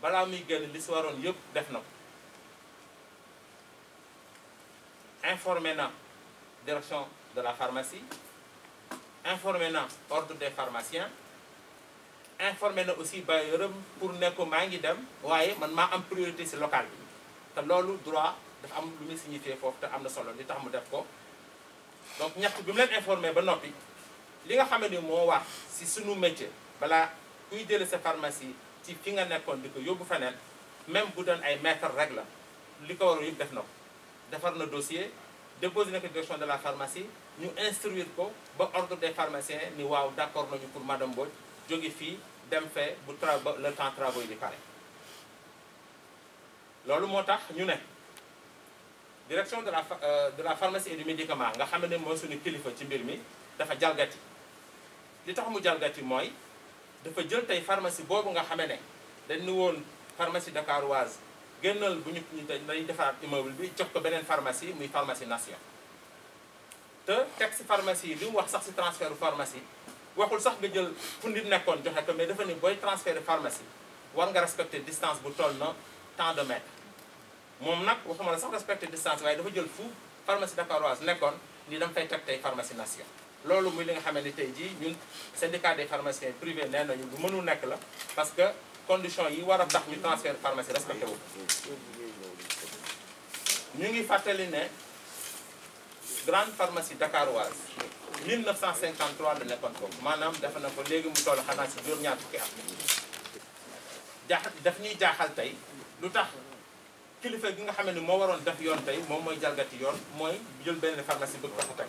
balaa muy génn li si waroon def na informé na direction de la pharmacie informé na ordre des pharmaciens informé na aussi bailleuram pour ne ko maa dem waye man ma am priorité ci local bi ta lolu droit dafa am lu muy signifié foofu ta amna solo li tax mu def ko donc ñaxtu bi mu leen informé ba nopi li nga xam ne moo war si sunu métier bala kuy jëlee sa pharmacie si fi nga nekkoon di ko yóbbu feneen même bu doon ay maître rek la li ko war yëpp def na ko defar na dossier déposé na direction de la pharmacie ñu instruire ko ba ordre des pharmaciens ni waaw d'accord accord pour madame Mbodj jóge fii dem fee bu tra le temps travaux yi di pare loolu moo tax ñu ne direction de la euh, de la pharmacie et du médicament nga xam ne mooy suñu kilifa ci mbir mi dafa jalgati li tax mu jalgati mooy dafa jël tey pharmacie boobu nga xame ne dañ ni woon pharmacie dakaroise génnal bu ñu ñu dañuy defaraat immeuble bi jox ko beneen pharmacie muy pharmacie nation te teg si pharmacie li mu wax sax si transfert pharmacie waxul sax nga jël fu nit nekkoon joxe ko mais dafa ni booy transfert pharmacie war nga respecter distance bu toll na tant de mètres moom nag waxuma la sax respecter distance waaye dafa jël fu pharmacie dakaroise nekkoon ni dama fay teg tey pharmacie loolu muy li nga xamee ni tey jii ñun syndicat des pharmaciens privés nee nañu lu mënul nekk la parce que condition yi wara a tax ñu transfert pharmacie respecté wu ñu ngi fatali né grande pharmacie dakaroise 1953 la nekkoon ko maanaam def na ko légui mu toll xana ci juróom-ñaar fukki at daf ñuy jaaxal tey lu tax kilifa gi nga xam ni moo waroon def yoon tey moom mooy jalgati yoon mooy jël benn pharmacie bëgg ko fa teg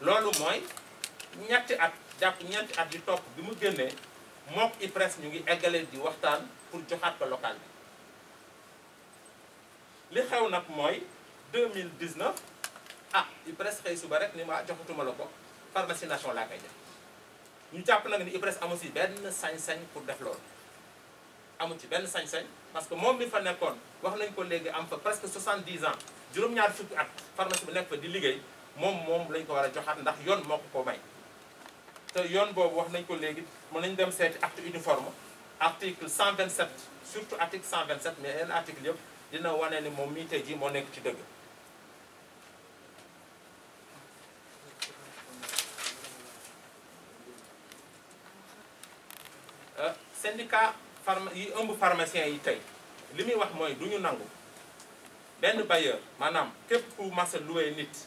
loolu mooy ñetti at jàpp ñetti at yu topp bi mu génnee mook IPRES ñu ngi eggale di waxtaan pour joxaat ko local bi li xew nag mooy 2019 ah IPRES xëy suba rek ni ma joxatuma la ko pharmacie nation laa koy def ñu jàpp nag ni IPRES amu si benn sañ-sañ pour def loolu amu ci benn sañ-sañ parce que moom mi fa nekkoon wax nañ ko léegi am fa presque dix ans juróom-ñaar fukki at pharmacie bu nekk fa di liggéey moom moom lañ ko war a joxaat ndax yoon moo ko ko may te yoon boobu wax nañ ko léegi mën nañ dem seeti acte uniforme vingt 127 surtout article 127 mais yenn article yëpp dina wane ni moom mii tey jii moo nekk ci dëgg euh, syndicat pharma yi ëmb pharmacien yi tey li muy wax mooy du ñu nangu benn bailleur maanaam képp ku mas a loué nit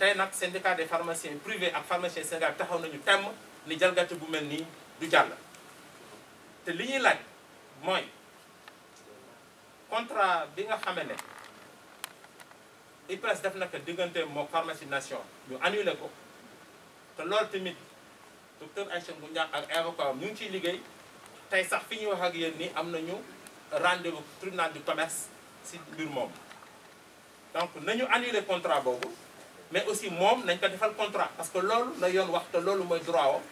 tey nag syndicat des pharmaciens privés ak pharmaciens Sénégal taxaw nañu temm ni jalgati bu mel nii du jàll te li ñuy laaj mooy contrat bi nga xame ne IPRES def na ko mo moo pharmacie nation ñu annulé ko te loolu tamit docteur Aïcha ak avocat ñu ngi ciy liggéey tey sax fi ñuy wax ak yéen nii am nañu rendez-vous tribunal du commerce si mbir mom. donc nañu annulé contrat boobu mais aussi mom nañ ko defal contrat parce que lolu la yoon wax te loolu mooy droit wam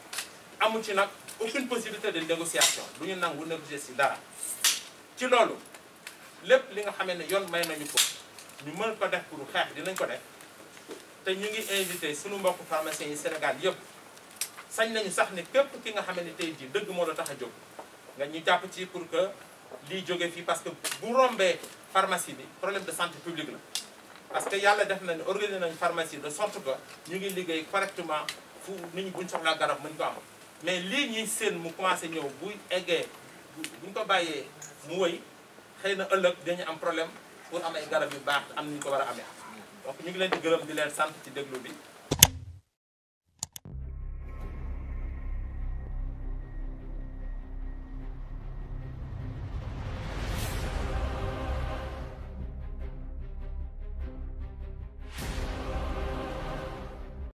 amu ci nag aucune possibilité de négociation du ñu nangu négocier ci dara ci lolu lepp li nga xamee ne may nañu ko ñu mën ko def pour xeex dinañ ko def te ñu ngi inviter suñu mbokk pharmacien yi Sénégal yépp sañ nañu sax ne képp ki nga xamee tay ji jii dëgg moo la tax jog nga ñu japp ci pour que li jóge fi parce que bu rombé pharmacie bi problème de santé publique la parce que yàlla def na ne organiser nañ pharmacie de sorte que ñu ngi liggéey correctement fu nit ñi buñ soxlaa garab mën ko am mais lii ñuy seen mu commencé ñëw buy eggee bu buñ ko bàyyee mu wëy xëy na ëllëg dañu am problème pour am ay garab yu baax am ni ñu ko war a amee donc ñu ngi leen di gërëm di leen sant ci déglu bi